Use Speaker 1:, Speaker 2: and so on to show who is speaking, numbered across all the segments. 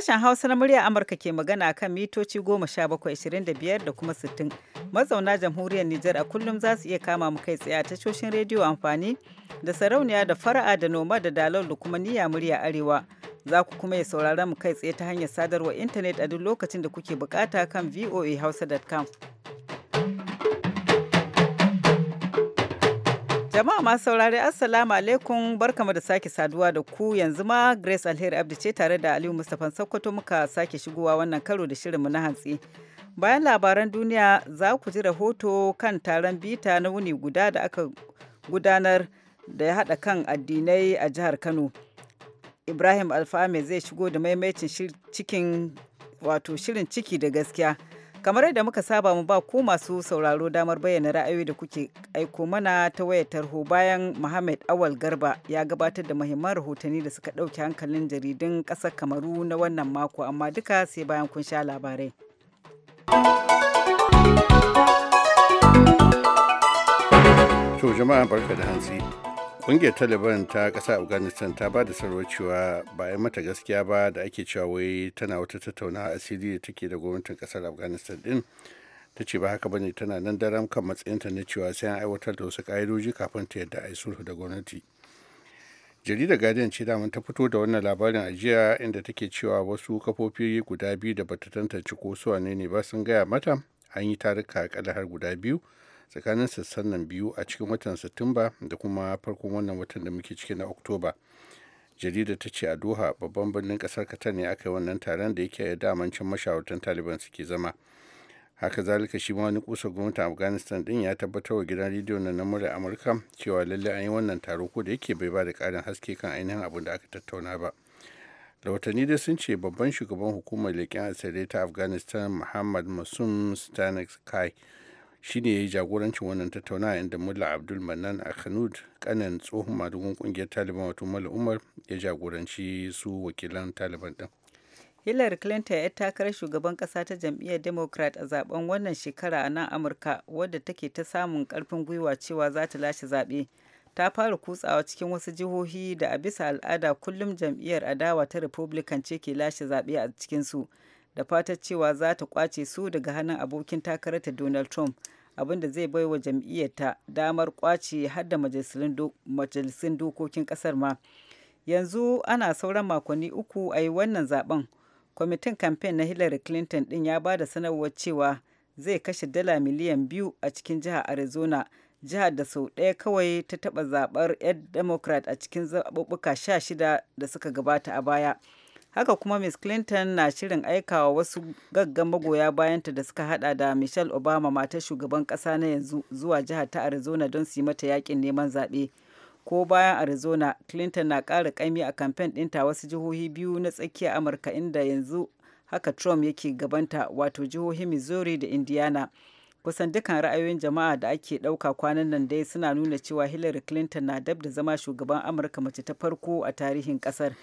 Speaker 1: Sashen Hausa na murya Amurka ke magana kan mitoci 1725 da kuma 60. Mazauna jamhuriyar Nijar a kullum za su iya kama mu kai tsaye a tashoshin rediyo amfani da sarauniya da fara'a da noma da dalol da kuma niyya murya arewa. Za ku kuma ya saurara mu kai tsaye ta hanyar sadarwar intanet a duk lokacin da kuke bukata kan voahausa.com. Jama'a masu saurari Assalamu alaikum barkamu da sake saduwa da ku yanzu ma Grace Alheri Abdi ce tare da Aliyu Mustapha Sokoto muka sake shigowa wannan karo da shirinmu na hantsi. Bayan labaran duniya za ku ji rahoto kan taron bita na wuni guda da aka gudanar da ya haɗa kan addinai a jihar Kano. Ibrahim Alfame zai shigo da maimaitin shirin ciki da gaskiya. kamar yadda muka saba mu ba ku masu sauraro damar bayyana ra'ayoyi da kuke aiko mana ta wayar tarho bayan Muhammad Awal Garba ya gabatar da muhimman rahotanni da suka ɗauki hankalin jaridun ƙasar Kamaru na wannan mako amma duka sai bayan kun sha labarai.
Speaker 2: To jama'a barka da hantsi. ƙungiyar taliban ta ƙasa afghanistan ta ba da sarwar cewa ba a mata gaskiya ba da ake cewa wai tana wata tattaunawa asiri da take da gwamnatin ƙasar afghanistan din ta ce ba haka ba ne tana nan daram kan matsayinta na cewa sai an aiwatar da wasu ƙa'idoji kafin ta yadda a yi sulhu da gwamnati jaridar guardian ce daman ta fito da wannan labarin a jiya inda take cewa wasu kafofi guda biyu da bata tantance ko su ne ba sun gaya mata an yi taruka akalla har guda biyu tsakanin sassan biyu a cikin watan satumba da kuma farkon wannan watan da muke ciki na oktoba jarida ta ce a doha babban birnin kasar katar ne aka yi wannan taron da yake cin mashawartan taliban suke zama haka zalika shi ma wani kusa gwamnatin afghanistan din ya tabbatar wa gidan rediyo na murar amurka cewa lallai an yi wannan taro ko da yake bai ba da karin haske kan ainihin abin da aka tattauna ba rahotanni dai sun ce babban shugaban hukumar leƙen asirai ta afghanistan muhammad masum stanek kai shine ya yi jagorancin wannan tattaunawa inda mulla abdul manan a kanud kanan tsohon madugun kungiyar taliban wato mulla umar ya jagoranci su wakilan taliban din
Speaker 1: hillary clinton ya takarar shugaban kasa ta jam'iyyar democrat a zaben wannan shekara a nan amurka wadda take ta samun karfin gwiwa cewa za ta lashe zaɓe ta fara kutsawa cikin wasu jihohi da a bisa al'ada kullum jam'iyyar adawa ta republican ce ke lashe zaɓe a cikinsu su da fatar cewa za ta kwace su daga hannun abokin takararta Donald Trump abinda zai bai wa jam'iyyarta damar kwace har da majalisun dokokin kasar ma. Yanzu ana sauran makonni uku a yi wannan zaben. Kwamitin kamfen na Hillary Clinton din ya ba da sanarwar cewa zai kashe dala miliyan biyu a cikin jihar Arizona, jihar da sau ɗaya kawai ta taɓa zaɓar 'yan Democrat a cikin zaɓuɓɓuka shida da suka gabata a baya. haka kuma ms clinton na shirin aikawa wasu gaggan magoya bayanta da suka hada da michelle obama matar shugaban kasa na yanzu zuwa jihar ta arizona don su yi mata yakin neman zaɓe ko bayan arizona clinton na ƙara ƙaimi a kamfen ɗinta wasu jihohi biyu na tsakiyar amurka inda yanzu haka trump yake gabanta wato jihohi missouri da indiana kusan dukkan ra'ayoyin jama'a da ake ɗauka kwanan nan dai suna nuna cewa hillary clinton na dab da zama shugaban amurka mace ta farko a tarihin ƙasar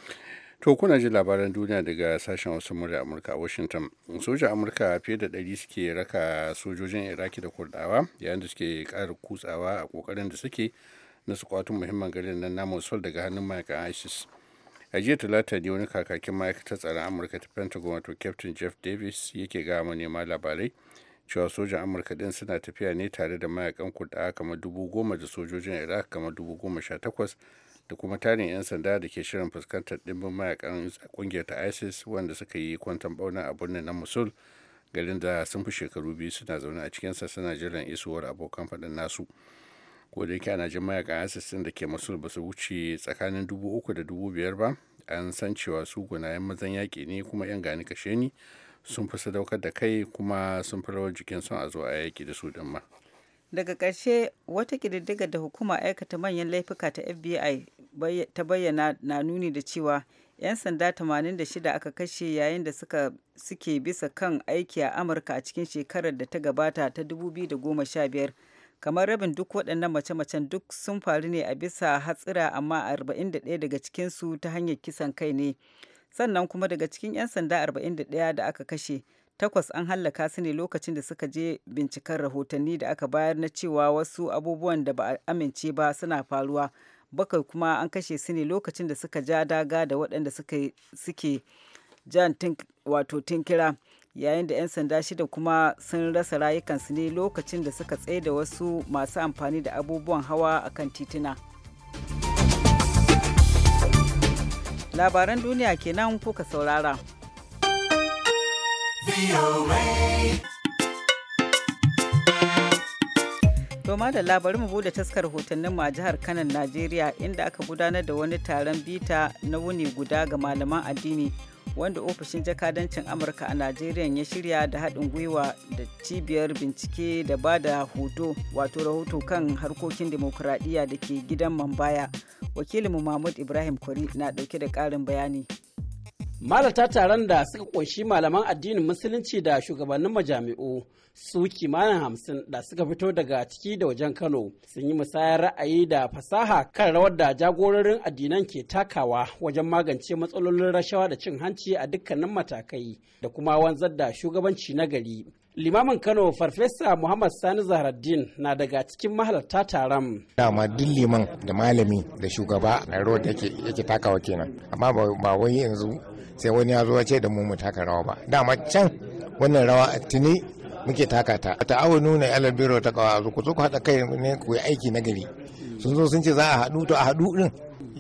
Speaker 2: To kuna ji labaran duniya daga sashen wasu murya Amurka a Washington. Sojan Amurka fiye da ɗari suke raka sojojin Iraki da Kurdawa yayin da suke ƙara kutsawa a ƙoƙarin da suke na su kwatun muhimman garin na na Mosul daga hannun mayakan ISIS. A jiya talata ne wani kakakin ma'aikatar tsaron Amurka ta Pentagon wato Captain Jeff Davis yake ga manema labarai cewa sojan Amurka ɗin suna tafiya ne tare da mayakan Kurdawa kamar dubu goma da sojojin Iraq kamar dubu goma sha takwas da kuma tarin 'yan sanda da ke shirin fuskantar dimbin mayakan kungiyar ta isis wanda suka yi kwantan bauna a birnin na musul garin da sun fi shekaru biyu suna zaune a cikinsa suna jiran isuwar abokan faɗin nasu ko da yake ana jin mayakan isis din da ke musul ba su wuce tsakanin dubu uku da dubu biyar ba an san cewa su gunayen mazan yaƙi ne kuma 'yan gani kashe ni sun fi sadaukar da kai kuma sun fi rawar jikin son a zo a yaƙi da su ɗin ma.
Speaker 1: daga ƙarshe wata ƙididdiga da hukuma aikata manyan laifuka ta fbi ta bayyana na nuni da cewa 'yan sanda 86 aka kashe yayin da suka suke bisa kan aiki a amurka a cikin shekarar da ta gabata ta 2015 kamar rabin duk waɗannan mace-macen duk sun faru ne a bisa hatsira amma 41 daga cikinsu ta hanyar kisan kai ne sannan kuma daga cikin 'yan sanda 41 da aka kashe takwas an hallaka su ne lokacin da suka je binciken rahotanni da aka bayar na cewa wasu abubuwan da ba a amince ba suna faruwa bakwai kuma an kashe su ne lokacin da suka ja daga da waɗanda suke jan wato tinkira yayin da 'yan sanda shida kuma sun rasa rayukansu ne lokacin da suka tsaye da wasu masu amfani da abubuwan hawa a kan tituna. labaran duniya kenan kuka saurara. Doma da labarin mu bude taskar hotonninmu a jihar Kanan, Najeriya inda aka gudanar da wani taron bita na wuni guda ga malaman addini wanda ofishin jakadancin Amurka a Najeriya ya shirya da haɗin gwiwa da cibiyar bincike da ba da hoto wato rahoto kan harkokin demokuraɗiyya da ke gidan Mambaya. Wakilinmu Mahmud Ibrahim Kwari na ɗauke da ƙarin bayani. malata taron da suka kunshi malaman addinin musulunci da shugabannin
Speaker 3: majami'u su kimanin hamsin da suka fito daga ciki da wajen kano sun yi musayar ra'ayi da fasaha kan rawar da jagororin addinan ke takawa wajen magance matsalolin rashawa da cin hanci a dukkanin matakai da kuma wanzar da shugabanci na gari limamin kano farfesa muhammad sani zahraddin na daga cikin mahalarta taron
Speaker 4: dama duk liman da malami da shugaba na road yake takawa kenan amma ba wai yanzu sai wani ya zo ce da mu mu taka rawa ba dama can wannan rawa a tuni muke taka ta ta awo nuna yalar biro ta kawa ku zo ku haɗa kai ne ku yi aiki na gari sun zo sun ce za a haɗu to a haɗu ɗin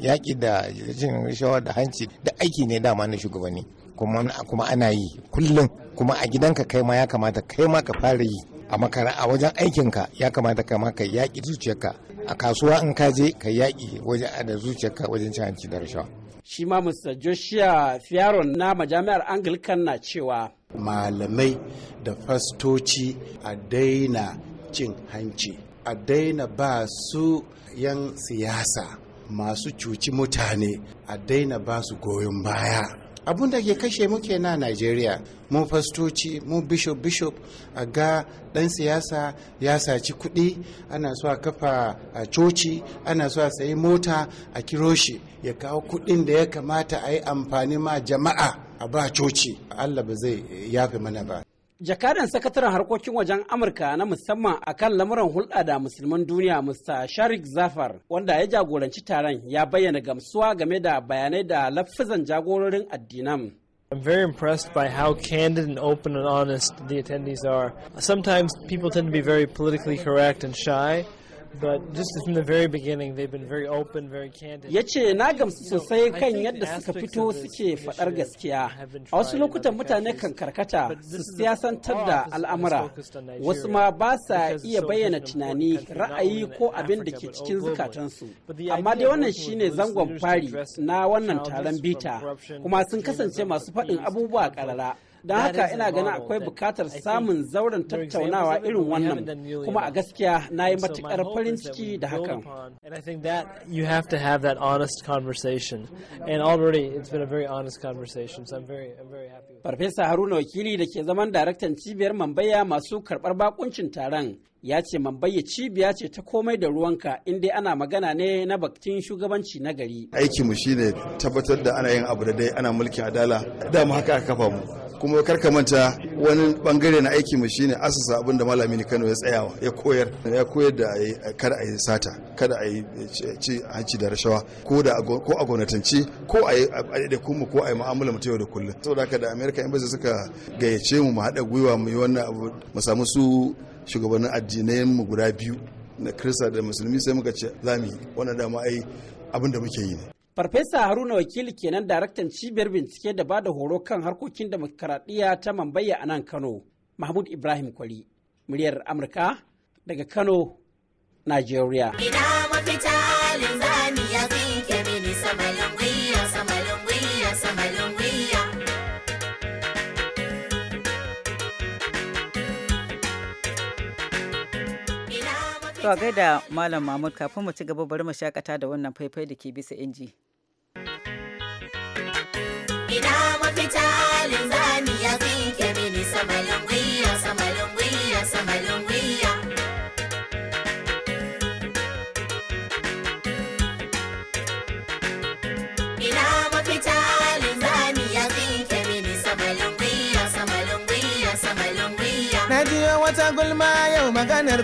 Speaker 4: yaƙi da cin rashawa da hanci da aiki ne dama na shugabanni kuma ana yi kullum kuma a gidanka kai ma ya kamata kai ma ka fara yi a makara a wajen aikinka ya kamata ka ma ka yaƙi zuciyarka a kasuwa in ka je ka yaƙi wajen da zuciyarka wajen cin hanci da rashawa.
Speaker 3: shi ma mr joshua fiyaron na majami'ar anglican na cewa
Speaker 5: malamai da fastoci a daina cin hanci a daina ba su 'yan siyasa masu cuci mutane a daina ba su goyon baya abun da ke kashe muke na najeriya mu fastoci mu bishop bishop a ga dan siyasa ya saci kuɗi ana so a kafa a coci ana so a sayi mota a kiroshi ya kawo kuɗin da ya kamata a yi amfani ma jama'a a ba coci allah ba zai yafe mana ba
Speaker 3: Jakadan sakataren harkokin wajen Amurka na musamman a kan lamuran hulɗa da musulman duniya Mr. Sharik Zafar wanda ya jagoranci taron ya bayyana gamsuwa game da bayanai da lafizan jagororin addinan. I'm very impressed by how candid and open and honest the attendees are. Sometimes people tend to be very politically correct and shy, Ya ce na gamsu sosai kan yadda suka fito suke faɗar gaskiya. A wasu lokutan mutane kan karkata su siyasantar da al'amura. Wasu ma ba sa iya bayyana tunani, ra'ayi ko abin da ke cikin zukatansu. Amma dai wannan shine zangon fari na wannan taron bita, kuma sun kasance masu faɗin abubuwa ƙarara. don haka ina ganin akwai bukatar samun zauren tattaunawa irin wannan kuma a gaskiya na yi matukar farin ciki da hakan you have to have that honest conversation and already it's been a very honest conversation so i'm very i'm very happy farfesa haruna wakili da ke zaman daraktan cibiyar mambaya masu karbar bakuncin taron ya ce mambaya cibiya ce ta komai da ruwanka inda ana magana ne na baktin shugabanci na gari
Speaker 4: aikinmu shine tabbatar da ana yin abu da dai ana mulkin adala dama haka aka kafa mu kuma karka manta wani bangare na aiki mu shine asasa abin da malami ne Kano ya tsayawa ya koyar ya koyar da ai a yi sata kada a ci hanci da rashawa ko da ko a gwamnatanci ko a da kuma ko a yi mu'amala mu ta yau da kullum saboda haka da America bazai suka gayyace mu mu haɗa gwiwa mu yi wannan abu mu samu su shugabannin addinai mu guda biyu na Kirista da Musulmi sai muka ce zamu yi wannan dama ai abin da muke yi ne
Speaker 3: Farfesa Haruna Wakili kenan daraktan cibiyar bincike da bada horo kan harkokin demokaradiyya ta mambaya a nan Kano, Mahmud Ibrahim Kwari, muryar Amurka daga Kano, Najeriya. Ina
Speaker 1: gaida Malam Mahmud kafin mu ci gaba bari mu shakata da wannan faifai da ke bisa inji.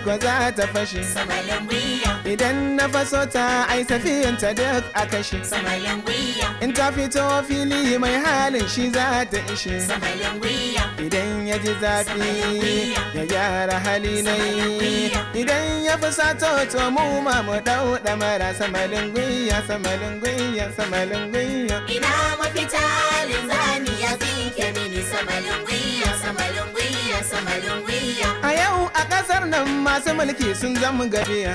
Speaker 6: wutar za ta fashe idan na faso ta ai safiyan ta duk a kashe in ta fito fili mai halin shi za ta ishe idan ya ji zafi ya gyara hali nai idan ya fi sato to mu ma mu dau damara samalin gwiya samalin gwiya samalin gwiya ina
Speaker 7: mafita linzani ya fi mini samalin gwiya
Speaker 6: nan masu mulki sun zama gabiya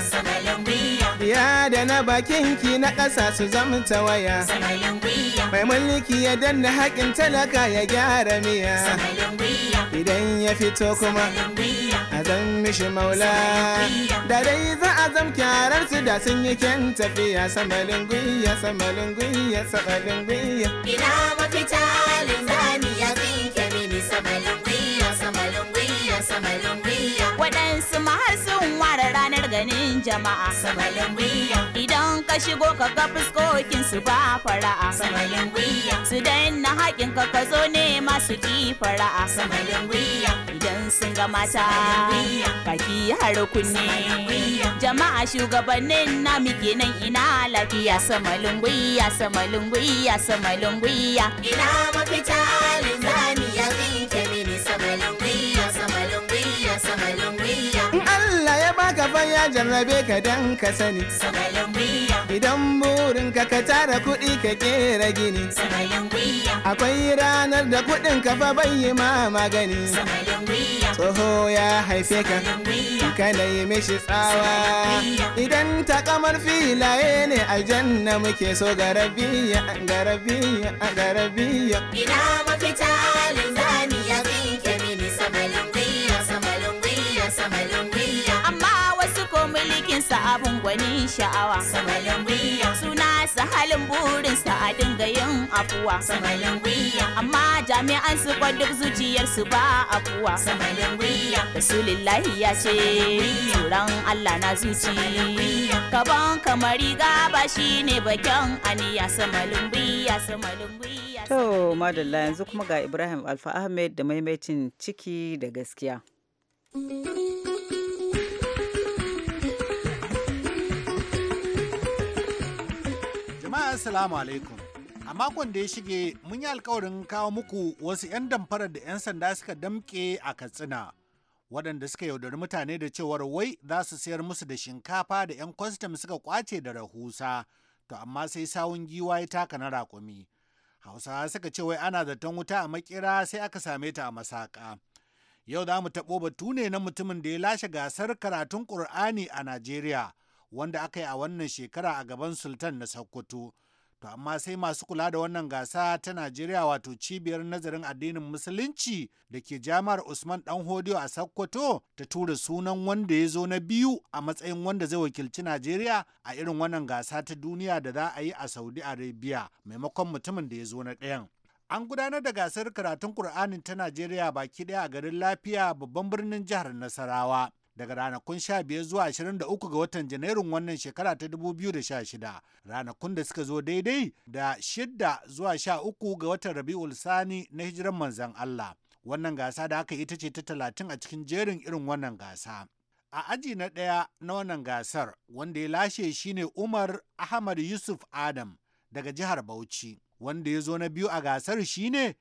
Speaker 6: ya da na bakin ki na ƙasa su zama tawaya mai mulki ya danna haƙin talaka ya gyara miya idan ya fito kuma a zan mishi maula da dai za a zam kyarar su da sun yi kyan tafiya samalin gwiya samalin gwiya samalin gwiya
Speaker 7: ina
Speaker 8: mafita linzami ya zinke mini samalin gwiya samalin gwiya samalin gwiya ganin jama'a samalin wiya idan ka shigo ka ga fuskokin su ba fara'a samalin wiya su danna haƙin ka ka zo ne masu ji fara'a samalin wiya idan sun ga mata ki har kunne jama'a shugabannin na muke nan ina lafiya samalin wiya samalin wiya samalin wiya ina mafita
Speaker 6: jarrabe ka dan ka sani idan burin ka ka tara kuɗi ka kera gini akwai ranar da kuɗin ka fa yi ma magani tsoho ya haife ka kana yi mishi tsawa idan ta kamar filaye ne a janna muke so garabiya garabiya garabiya ina
Speaker 8: mafita linzari abin gwani sha'awa samalin suna su halin burin sa a dinga yin afuwa samalin amma jami'an su duk zuciyar su ba afuwa samalin wiya rasulullahi ya ce tsoron Allah na zuci kaban kamari gaba ne bakin aniya samalin wiya
Speaker 1: to madalla yanzu kuma ga Ibrahim Alfa Ahmed da maimaitin ciki da gaskiya. thank you
Speaker 9: Jama'a Assalamu alaikum. A makon da ya shige mun yi alkawarin kawo muku wasu 'yan damfarar da 'yan sanda suka damƙe a Katsina. Waɗanda suka yaudari mutane da cewar wai za su sayar musu da shinkafa da 'yan kwastam suka kwace da rahusa. To amma sai sawun giwa ya taka na raƙumi. Hausawa suka ce wai ana zaton wuta a makera sai aka same ta a masaka. Yau za mu taɓo batu ne na mutumin da ya lashe gasar karatun Ƙur'ani a Najeriya. wanda aka yi a wannan shekara a gaban sultan na sokoto to amma sai masu kula da wannan gasa ta najeriya wato cibiyar nazarin addinin musulunci da ke jami'ar usman dan hodiyo a sokoto ta tura sunan wanda ya zo na biyu a matsayin wanda zai wakilci najeriya a irin wannan gasa ta duniya da za a yi a saudi arabia maimakon mutumin da ya zo na ɗayan an gudanar da gasar karatun Kur'anin ta Najeriya baki ɗaya a garin lafiya babban birnin jihar Nasarawa. daga ranakun 15 zuwa 23 ga watan Janairun wannan shekara ta 2016 ranakun da suka zo daidai da 6 zuwa 13 ga watan Rabi'ul Sani na hijiran manzan Allah. Wannan gasa da aka ita ce ta 30 a cikin jerin irin wannan gasa. A aji na ɗaya na wannan gasar wanda ya lashe shine Umar Ahmad Yusuf Adam daga jihar Bauchi. Wanda ya zo na biyu a gasar shine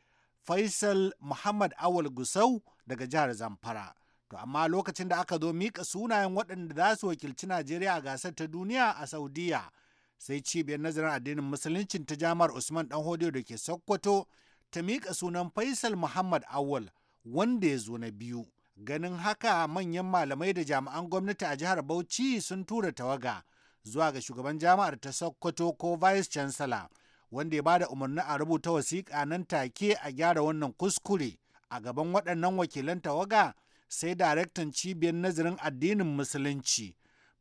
Speaker 9: Faisal Muhammad Awal Gusau daga jihar Zamfara. To amma lokacin da aka zo mika sunayen waɗanda za su wakilci Najeriya a gasar ta duniya a Saudiya sai cibiyar nazarin addinin musuluncin ta jamar Usman Dan Hodiyo da ke Sokoto ta mika sunan Faisal Muhammad Awal wanda ya zo na biyu. Ganin haka manyan malamai da jami'an gwamnati a jihar Bauchi sun tura tawaga zuwa ga shugaban jami'ar ta Sokoto ko Vice Chancellor wanda ya bada umarni a rubuta wasiƙa nan take a gyara wannan kuskure a gaban waɗannan wakilan tawaga sai daraktan cibiyar nazarin addinin musulunci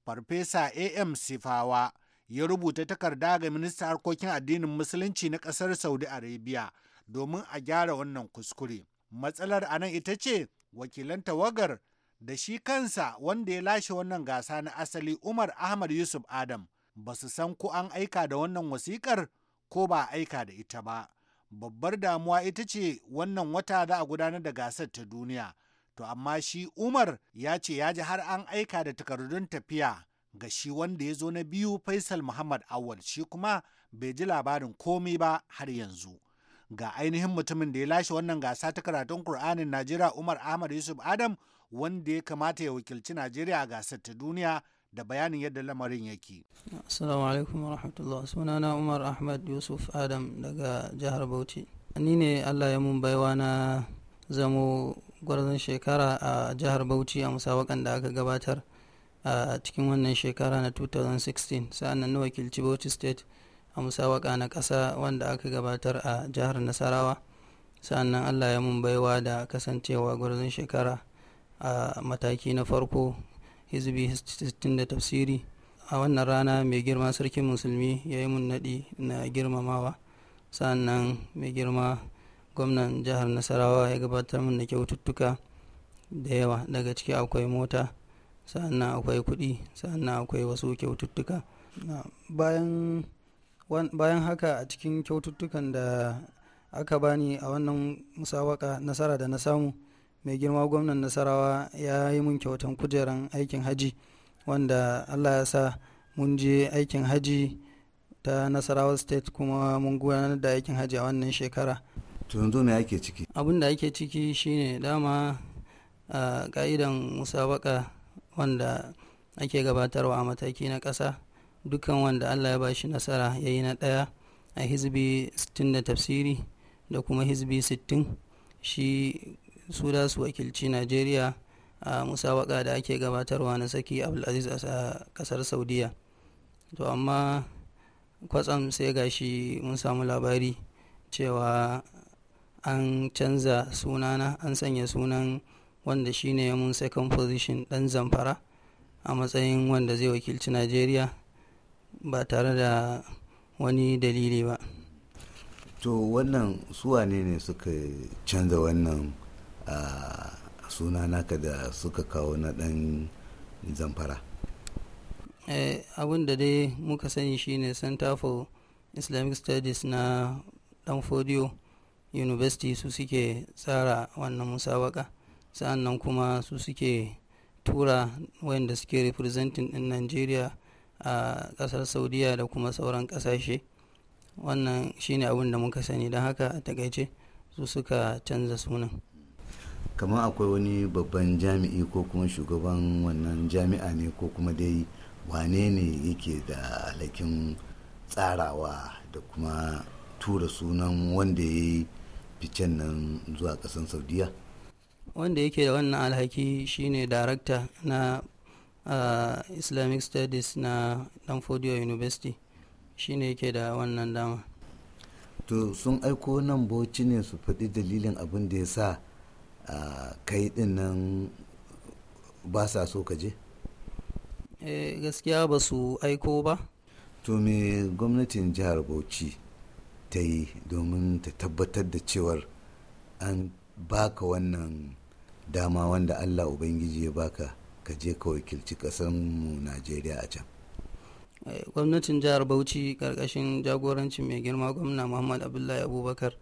Speaker 9: farfesa am sifawa ya rubuta takarda ga ministan harkokin addinin musulunci na ƙasar saudi arabia domin a gyara wannan kuskure matsalar a nan ita ce wakilan tawagar da shi kansa wanda ya lashe wannan gasa na asali umar ahmad yusuf adam ba su san ko an aika da wannan wasikar ko ba aika da ita ba babbar damuwa ita ce wannan wata za a gudanar da gasar ta duniya to amma shi umar ya ce ya ji har an aika da takardun tafiya ga shi wanda ya zo na biyu faisal muhammad awal shi kuma bai ji labarin komai ba har yanzu ga ainihin mutumin da ya lashe wannan gasa ta karatun kur'anin najeriya umar ahmad yusuf adam wanda ya kamata ya wakilci najeriya a gasar ta duniya da bayanin yadda lamarin yake.
Speaker 10: Assalamu alaikum wa rahmatullah sunana Umar Ahmad Yusuf Adam daga jihar Bauchi. Ni ne Allah ya mun baiwa na zamo gwarzon shekara a jihar bauchi a musawakan da aka gabatar a cikin wannan shekara na 2016 sa'annan na wakilci bauchi state a musawaka na kasa wanda aka gabatar a jihar nasarawa sa'annan allah ya mun baiwa da kasancewa gwarzon shekara a mataki na farko hizbi 60 da tafsiri a wannan rana mai girma sarkin musulmi ya yi mun naɗi na girmamawa sa'annan mai girma gwamnan jihar nasarawa ya gabatar min da kyaututtuka da yawa daga ciki akwai mota sannan akwai kudi sannan akwai wasu kyaututtuka bayan haka a cikin kyaututtukan da aka bani a wannan musawaka nasara da na samu mai girma gwamnan nasarawa ya yi mun kyautan kujeran aikin haji wanda allah ya sa mun je aikin haji ta nasarawa state kuma mun gudanar da aikin haji a wannan shekara to yanzu me ake ciki abin da ake ciki shine dama a ka'idan musabaka wanda ake gabatarwa a mataki na ƙasa dukkan wanda allah ya bashi nasara ya yi na ɗaya a hizbi 60 da tafsiri da kuma hizbi 60 shi su da su wakilci najeriya a musabaka da ake gabatarwa na saki abdulaziz a kasar saudiya to amma kwatsam sai gashi mun samu labari cewa an canza sunana an sanya sunan wanda shine mun second position dan zamfara a matsayin wanda zai wakilci najeriya ba tare da wani dalili ba
Speaker 11: to wannan suwa ne ne suka canza wannan sunana ka da suka kawo na dan zamfara
Speaker 10: eh, abin dai muka sani shine center for islamic studies na dan fodiyo university su suke tsara wannan musabaka sa'annan kuma su suke tura wayanda suke representing din nigeria a kasar Saudiya da kuma sauran kasashe wannan shine abin da muka sani don haka a takaice su suka canza sunan
Speaker 11: kamar akwai wani babban jami'i ko kuma shugaban wannan jami'a ne ko kuma dai wane ne yake da alhakin tsarawa da kuma tura sunan wanda ya yi ficen nan zuwa kasan saudiya
Speaker 10: wanda yake da wannan alhaki shine darakta na uh, islamic studies na danfodiyo university shine yake da wannan dama
Speaker 11: to sun aiko nan bauchi ne su faɗi dalilin abin da ya sa uh, kai ɗin nan ba sa so ka je
Speaker 10: eh, gaskiya ba su aiko
Speaker 11: ba to me gwamnatin jihar bauchi ta yi domin ta tabbatar da cewar an baka wannan dama wanda allah ubangiji ya baka ka je ka wakilci mu najeriya a can
Speaker 10: eh, gwamnatin jihar bauchi karkashin jagorancin mai girma gwamna muhammad abdullahi abubakar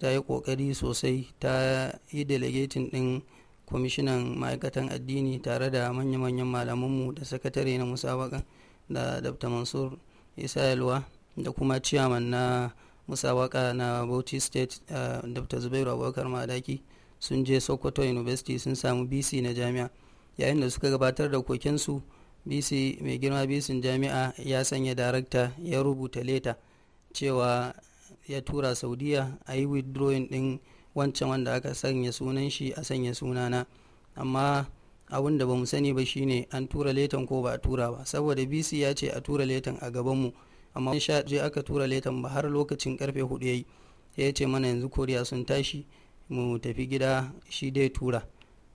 Speaker 10: ta yi kokari sosai ta yi delegating din kwamishinan ma'aikatan addini tare da manya-manyan malamanmu da sakatare na musabaka da dr mansur isa da kuma ciyaman na musa waka na bauchi state uh, dr zubairu abubakar madaki sun je sokoto university sun samu bc na jami'a yayin da suka gabatar da kokensu bc mai girma bc jami'a ya sanya darakta ya rubuta leta cewa ya tura saudiya a yi withdrawing din wancan wanda aka sanya sunan shi a sanya sunana amma abin da ba mu sani ba shine an tura letan ko ba a tura ba saboda bc ya ce a tura letan a gabanmu amma sha je aka tura letan ba har lokacin karfe hudu yayi ya ce mana yanzu koriya sun tashi mu tafi gida shi dai tura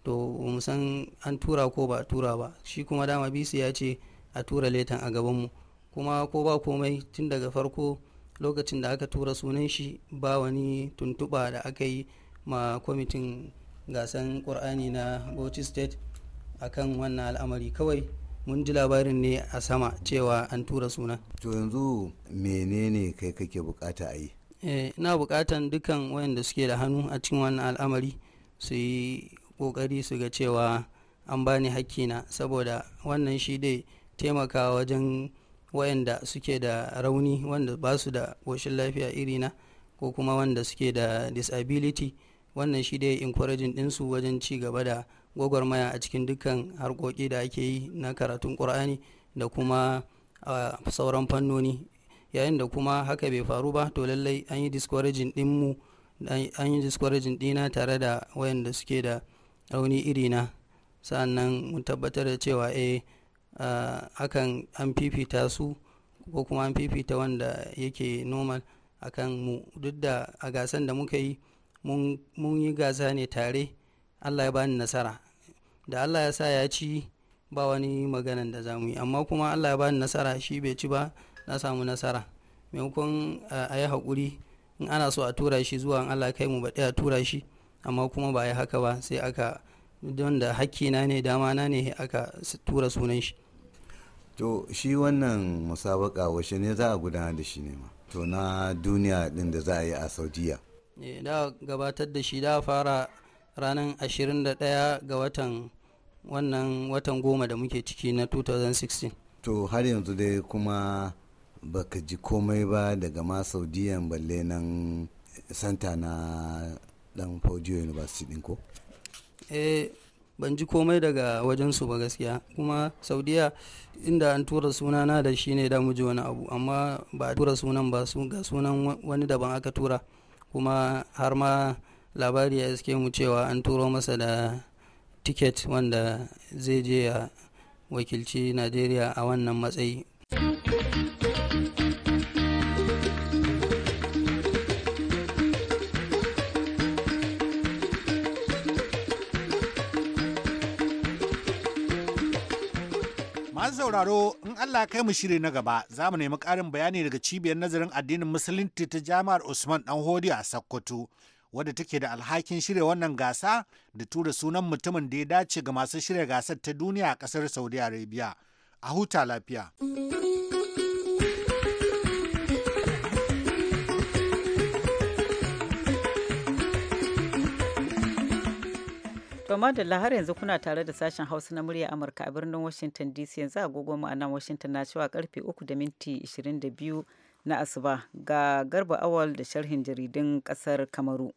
Speaker 10: to mu san an tura ko ba tura ba shi kuma dama bisi ya ce a tura letan a gaban mu kuma ko ba komai tun daga farko lokacin da aka tura sunan shi ba wani tuntuɓa da aka yi ma kwamitin gasan ƙur'ani na bauchi state akan wannan al'amari kawai mun ji labarin ne a sama cewa an
Speaker 11: tura suna to yanzu menene kai kake bukata a yi
Speaker 10: eh, ina bukatan dukan wayanda suke da hannu a cikin wannan al'amari su yi kokari su ga cewa an bani na saboda wannan shi dai taimaka wajen wayanda suke da rauni wanda ba su da koshin lafiya irina ko kuma wanda suke da disability wannan shi dai encouraging ɗinsu wajen ci gaba da gwagwarmaya a cikin dukkan harkoki da ake yi na karatun ƙur'ani da kuma sauran fannoni yayin da kuma haka bai faru ba to lallai an yi discouraging dinmu an yi discouraging dina tare da wayanda suke da rauni na sa'annan mun tabbatar da cewa eh hakan an fifita su ko kuma an fifita wanda yake normal akan mu duk da a gasan da muka yi mun yi gasa ne tare allah ya bani nasara da allah ya sa ya ci ba wani maganan da za yi amma kuma allah ya bani nasara shi bai ci ba na samu nasara maimakon eh, a yi haƙuri in ana so a tura shi zuwa allah kai mu ba a tura shi amma kuma ba ya haka ba sai aka don da na ne dama na ne aka tura sunan shi
Speaker 11: to shi wannan musabaka washe ne za a gudanar da shi ne ma to na duniya din da za a yi a saudiya
Speaker 10: eh, da gabatar da shi da fara ranar 21 ga watan wannan watan goma da muke ciki na 2016
Speaker 11: to har yanzu dai kuma baka ji komai ba daga ma saudiyan balle nan santa na dan university din ko
Speaker 10: eh ban ji komai daga wajensu ba gaskiya kuma saudiya inda an tura sunana da shi ne damu ji wani abu amma ba a tura sunan ba su ga sunan wani daban aka tura kuma har ma labari ya iske mu cewa an turo masa da tiket wanda zai je ya wakilci najeriya a wannan matsayi
Speaker 9: Masu sauraro in Allah kai mu shiri na gaba za mu nemi ƙarin bayani daga cibiyar nazarin addinin musulunci ta jami'ar Usman Danhodi a Sokoto. wadda take da alhakin shirya wannan gasa da tura sunan mutumin da ya dace ga masu shirya gasar ta duniya a kasar saudi arabia a huta lafiya
Speaker 1: To madalla har yanzu kuna tare da sashen Hausa na murya Amurka a birnin Washington DC yanzu agogo ma'ana a Washington na cewa karfe 3 da minti 22 na asuba ga garba awal da sharhin jaridun kasar kamaru.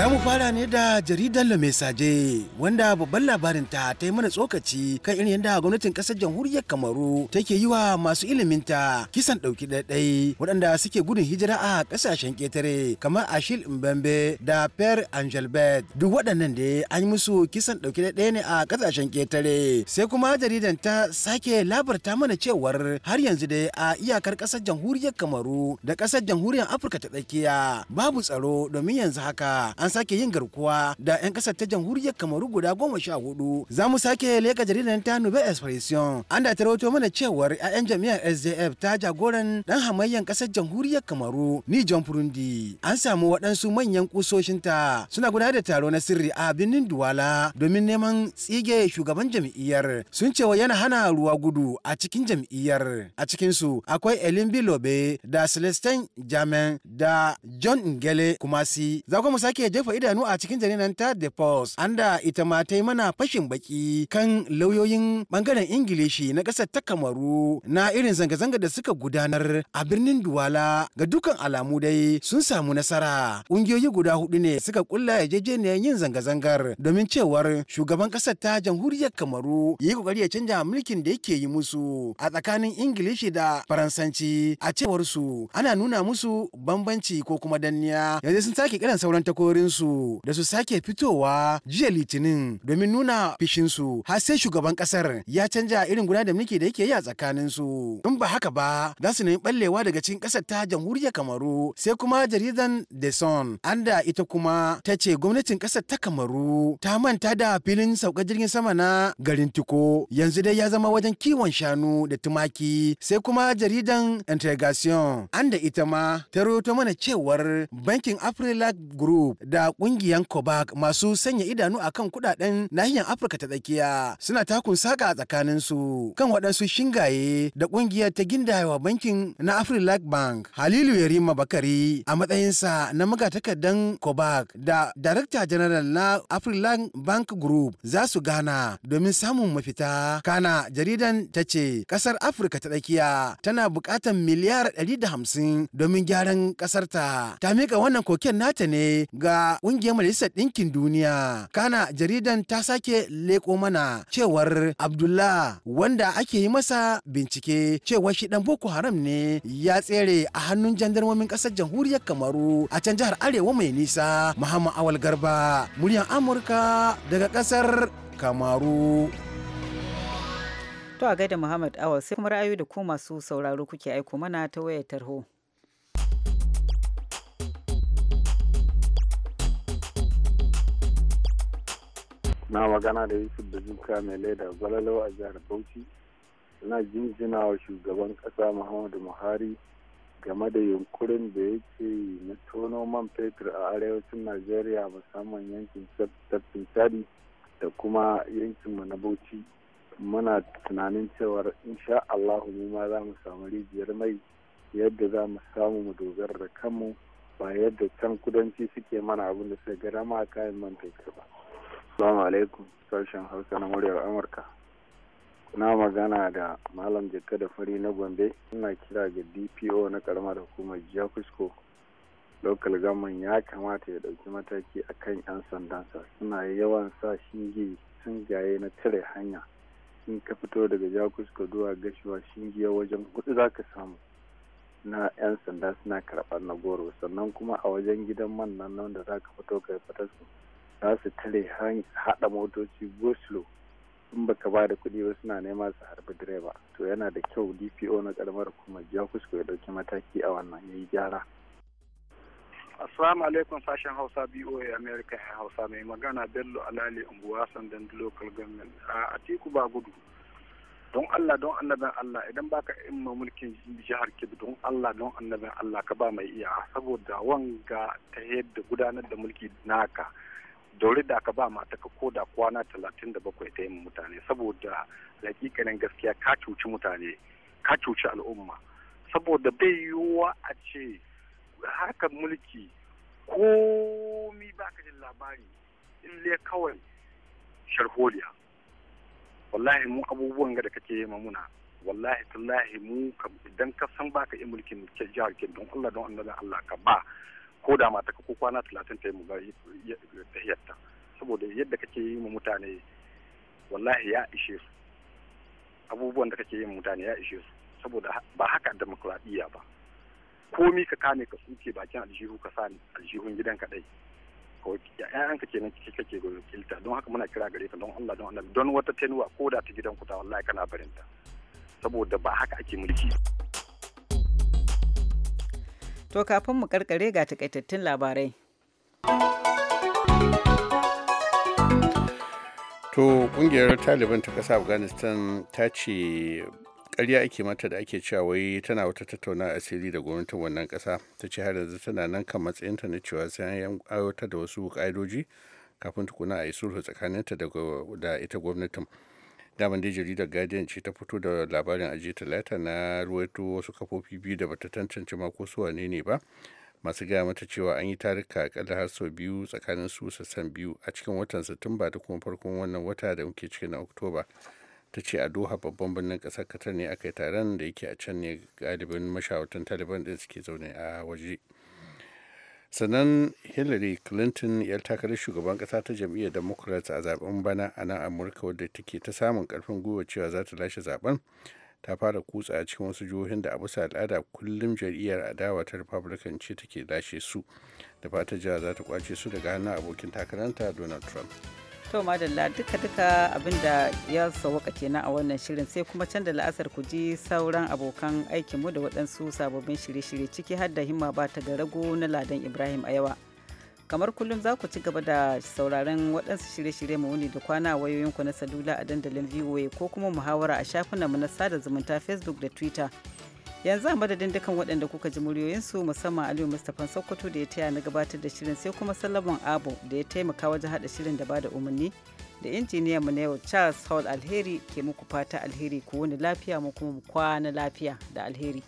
Speaker 5: Za mu fara ne da jaridar Le Message wanda babban labarin ta ta yi mana tsokaci kan irin yadda gwamnatin kasar jamhuriyar Kamaru take yi wa masu ilimin ta kisan ɗauki ɗaiɗai waɗanda suke gudun hijira a ƙasashen ƙetare kamar Ashil Mbembe da Per Angelbert duk waɗannan da an yi musu kisan ɗauki ɗaiɗai ne a ƙasashen ƙetare sai kuma jaridan ta sake labarta mana cewar har yanzu dai a iyakar ƙasar jamhuriyar Kamaru da ƙasar jamhuriyar Afirka ta tsakiya babu tsaro domin yanzu haka an an sake yin garkuwa da 'yan kasar ta jamhuriyar kamaru guda goma sha hudu za mu sake leka jaridar ta nube expression an da rawato mana cewar 'ya'yan jami'ar sjf ta jagoran dan hamayyan kasar jamhuriyar kamaru ni john furundi an samu waɗansu manyan kusoshin ta suna gudanar da taro na sirri a birnin duwala domin neman tsige shugaban jam'iyyar sun cewa yana hana ruwa gudu a cikin jam'iyyar a cikin su akwai elin bilobe da celestin jamen da john ngele kumasi za mu sake jefa idanu a cikin janinan ta de Post, an da ita ma ta yi mana fashin baki kan lauyoyin bangaren Ingilishi na ƙasar ta Kamaru na irin zanga-zanga da suka gudanar a birnin Duwala ga dukan alamu dai sun samu nasara. Ƙungiyoyi guda hudu ne suka kulla yarjejeniyar yin zanga-zangar domin cewar shugaban ƙasar ta jamhuriyar Kamaru ya yi kokari ya canja mulkin da yake yi musu a tsakanin Ingilishi da Faransanci a cewar su ana nuna musu bambanci ko kuma danniya yanzu sun sake kiran sauran takori su da su sake fitowa jiya litinin domin nuna fishinsu har sai shugaban kasar ya canja irin guda da mulki da yake yi a tsakanin su in ba haka ba za su nemi ballewa daga cikin kasar ta jamhuriyar kamaru sai kuma jaridan the sun an da ita kuma ta ce gwamnatin kasar ta kamaru ta manta da filin saukar jirgin sama na garin tiko yanzu dai ya zama wajen kiwon shanu da tumaki sai kuma jaridan integration an da ita ma ta rawaito mana cewar bankin afrilac group da kungiyan Kobak masu sanya idanu a kan kudaden nahiyar Afirka ta tsakiya suna takun saka a tsakanin su kan waɗansu shingaye da kungiyar ta gindayewa bankin na Afrelike Bank Halilu Yarima Bakari a matsayinsa na magatakardan Kobak da Darakta General na Afrelike Bank Group za su gana domin samun mafita kana jaridan ta ce kasar Afirka ta tsakiya tana buƙatar miliyar 150 domin gyaran kasarta ta mika wannan koken nata ne ga kungiyar ƙungiyar Majalisar Ɗinkin Duniya. Kana jaridan ta sake leko mana cewar Abdullah wanda ake yi masa bincike cewar shi ɗan Boko Haram ne ya tsere a hannun jandarmomin ƙasar jamhuriyar Kamaru a can jihar Arewa mai nisa Muhammad Awal Garba muryan Amurka daga ƙasar Kamaru.
Speaker 1: To a gaida Muhammad Awal sai kuma ra'ayoyi da ku masu sauraro kuke aiko mana ta wayar tarho. na magana
Speaker 12: da yusuf da zuka mai laida gwalalau a jihar bauchi na jinjina wa shugaban kasa muhammadu buhari game da yunkurin da yake na tono man fetur a arewacin najeriya musamman yankin tafkin chadi da kuma yankinmu na bauchi muna tunanin cewar insha allahu mu ma za mu samu rijiyar mai yadda za mu samu mu dogara da kanmu ba yadda can kudanci suke mana abin da suka gara ma kayan man fetur ba Assalamu alaikum sashen Hausa na muryar Amurka. Kuna magana da Malam Jikka da Fari na Gombe, ina kira ga DPO na karamar hukumar Jiya Kusko. Lokal gaman ya kamata ya ɗauki mataki a kan 'yan sandansa suna yawan sa shinge gaye na cire hanya. In ka fito daga Kusko zuwa gashiwa shingiya wajen kuɗi za ka samu. na 'yan sanda suna karɓar na goro sannan kuma a wajen gidan man nan da za ka fito ka yi fatarsu za su tare haɗa motoci goslo in baka ba da kuɗi ba suna nema su harbi direba to yana da kyau dpo na karamar kuma ya kusko ya ɗauki mataki a wannan ya yi gyara
Speaker 4: assalamu alaikum sashen hausa boa america ya hausa mai magana bello alali unguwa sandan local government a atiku ba gudu don allah don annabin allah idan baka ma mulkin jihar kebbi don allah don annabin allah ka ba mai iya saboda wanga ta yadda gudanar da mulki naka daure da aka ba mata ko da kwana talatin da bakwai ta yin mutane saboda hakikanin gaskiya ka cuci mutane ka cuci al'umma saboda bai yiwuwa a ce haka mulki komi ba ka jin labari in le kawai sharholiya wallahi mu abubuwan da kake yi mamuna wallahi tallahi mu idan ka san ba ka yi mulkin jihar ke don Allah don Allah ka ba ko da mata ko kwana talatin ta yi mu ta saboda yadda kake yi mu mutane wallahi ya ishe su abubuwan da kake yi mu mutane ya ishe su saboda ba haka demokuraɗiyya ba komi ka kame ka suke bakin aljihu ka sa aljihun gidan ka dai ƴaƴan ka kenan kike kake kilta don haka muna kira gare ka don Allah don Allah don wata tenuwa ko da ta gidan ku ta wallahi kana barinta saboda ba haka ake mulki
Speaker 1: To kafin mu karkare ga takaitattun labarai.
Speaker 2: To kungiyar Taliban ta ƙasa Afghanistan ta ce ƙarya ake mata da ake cewa wai tana wata tattauna asiri da gwamnatin wannan ƙasa ta ce har yanzu tana nan kan matsayinta na cewa sai an aiwatar da wasu ƙa'idoji kafin tukuna a yi sulhu tsakaninta da ita gwamnatin. daman da jaridar guardian ce ta fito da labarin ajiye talata na ruwaito wasu kafofi biyu da bata tantance ma ko su wane ne ba masu gaya mata cewa an yi tarika akalla har sau biyu tsakanin su sassan biyu a cikin watan satumba da kuma farkon wannan wata da muke cikin na oktoba ta ce a doha babban birnin kasar katar ne aka yi taron da yake a can ne galibin mashawartan taliban din suke zaune a waje sannan hillary clinton yar takarar shugaban kasa ta jam'iyyar democrats a zaben bana a nan amurka wadda take ta samun karfin gwiwa cewa za ta lashe zaben ta fara kutsa a cikin wasu jihohin da a bisa al'ada kullum jam'iyyar adawa ta republican ce take lashe su da fata jiha za ta kwace su daga hannun abokin takaranta donald trump
Speaker 1: To madalla duka-duka abinda ya sauwaka kenan a wannan shirin sai kuma can da la'asar ku ji sauran abokan aikinmu da waɗansu sababbin shirye-shirye ciki har da himma ba ta rago na ladan Ibrahim a yawa. Kamar kullum za ku ci gaba da sauraron waɗansu shirye-shirye mu wuni da kwana wayoyinku na salula a dandalin VOA ko kuma muhawara a shafinanmu na sada zumunta Facebook da Twitter. yanzu a madadin dukkan waɗanda kuka ji muryoyinsu musamman aliyu mustapha sokoto da ya taya na gabatar da shirin sai kuma salaman abu da ya taimaka wajen haɗa shirin da bada umarni da injiniyan mu na yau charles hall alheri ke muku fata alheri ku wani lafiya mu kuma mu kwana lafiya da alheri.